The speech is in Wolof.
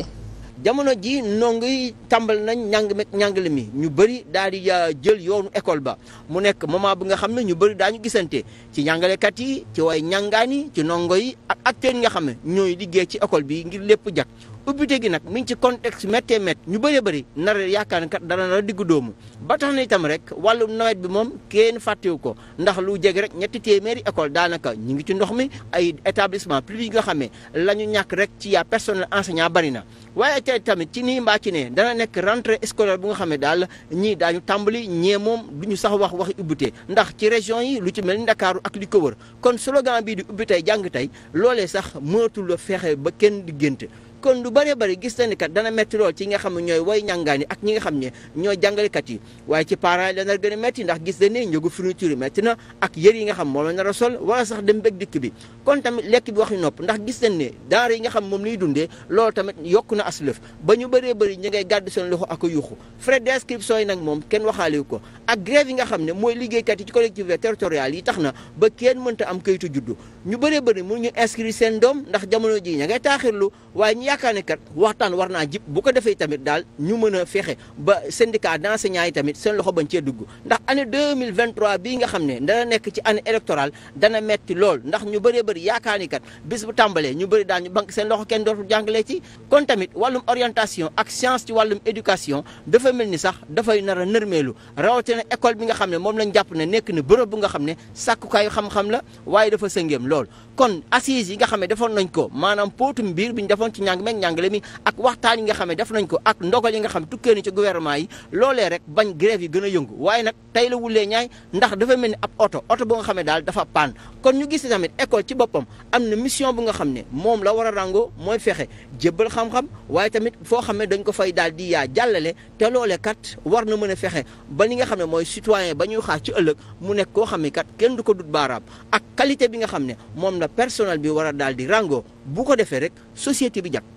exister jamono ji ndongi tàmbal nañ ñàng meeg mi ñu bëri daal di euh, jël yoonu école ba mu nekk moment bi nga xam ne ñu bëri ñu gisante ci ñàngalekat yi ci way ñàngaan yi ci ndongo yi ak acteurs yi nga xam ne ñooy liggéey ci école bi ngir lépp jag ubbite gi nag mi ngi ci contexte méttee mét ñu bëree bëri nar yaakaar ne kat dara nar diggu doomu ba tax na itam rek wàllu nawet bi moom kenn fàttewu ko ndax lu jege rek ñetti téeméeri école daanaka ñu ngi ci ndox mi ay établissement plus yi nga xam ne la ñu ñàkk rek ci yaa personnel enseignant bari na waaye tey tamit ci nii mbaa ci nee dana nekk rentrée scolaire bu nga xam ne daal ñii daañu tàmbali ñee moom du ñu sax wax wax ubbite ndax ci région yi lu ci mel Ndakaaru ak li ko wër kon slogan bii di ubbi tey jàng tey loolee sax mënatul fexe ba kenn di kon lu bëree bëri gis nañu kat dana métti lool ci nga xam ñooy way ñàngaan ak ñi nga xam ne ñooy jàngalekat yi waaye ci parents yi dana gën a métti ndax gis nañ ne njëgu fourniture yi na ak yër yi nga xam moom la nar a sol wala sax dem bëgg dikk bi kon tamit lekk bi wax ñu nopp ndax gis nañ ne moom lay dundee loolu tamit yokk na aslëf ba ñu bëree bëri ñi ngay gàddu seen loxo ak a yuuxu frais d'inscription yi nag moom kenn waxaale ko ak grève yi nga xam ne mooy liggéeykat yi ci collectivité territoriale yi tax na ba kenn mënta am kayitu juddu ñu bëree bëri mënuñu inscrire seen doom ndax jamono ji yaakaar ne kat waxtaan a fexe ba syndicat d'enseignants yi tamit seen loxo bañ cee dugg ndax année 2023 bii nga xam ne dana nekk ci année électorale dana metti lool ndax ñu bëree bëri yaakaar ni kat bis bu tàmbalee ñu bëri daal ñu bank seen loxo kenn dootul jàngalee ci kon tamit wàllum orientation ak science ci wàllum éducation dafa mel ni sax dafay nar a nërmeelu rawatina école bi nga xam ne moom lañ jàpp na nekk na bërëb bu nga xam ne sàkkukaayu xam-xam la waaye dafa sëngeem lool kon assises nga xam ne defoon ko maanaam pootum biir bi ñu defoon ci njàng meeg njàngale mi ak waxtaan yi nga xam ne def nañ ko ak ndogal yi nga xam tukkee ni ci gouvernement yi loole rek bañ grève yi gën a yëngu waaye nag tey la wulee ñaay ndax dafa mel ni ab oto oto boo nga xam ne daal dafa paan kon ñu gis tamit école ci boppam am na mission bu nga xam ne moom la war a rangoo mooy fexe jébbal xam-xam waaye tamit foo xam ne dañ ko fay daal di yaa jàllale te loole kat war na mën a fexe ba li nga xam ne mooy citoyen ba ñuy xaar ci ëllëg mu nekk koo xam ne kat kenn du ko dut baaraam a qualité bi nga xam ne moom la personnel bi war a daal di rangoo bu ko defee rek société bi jag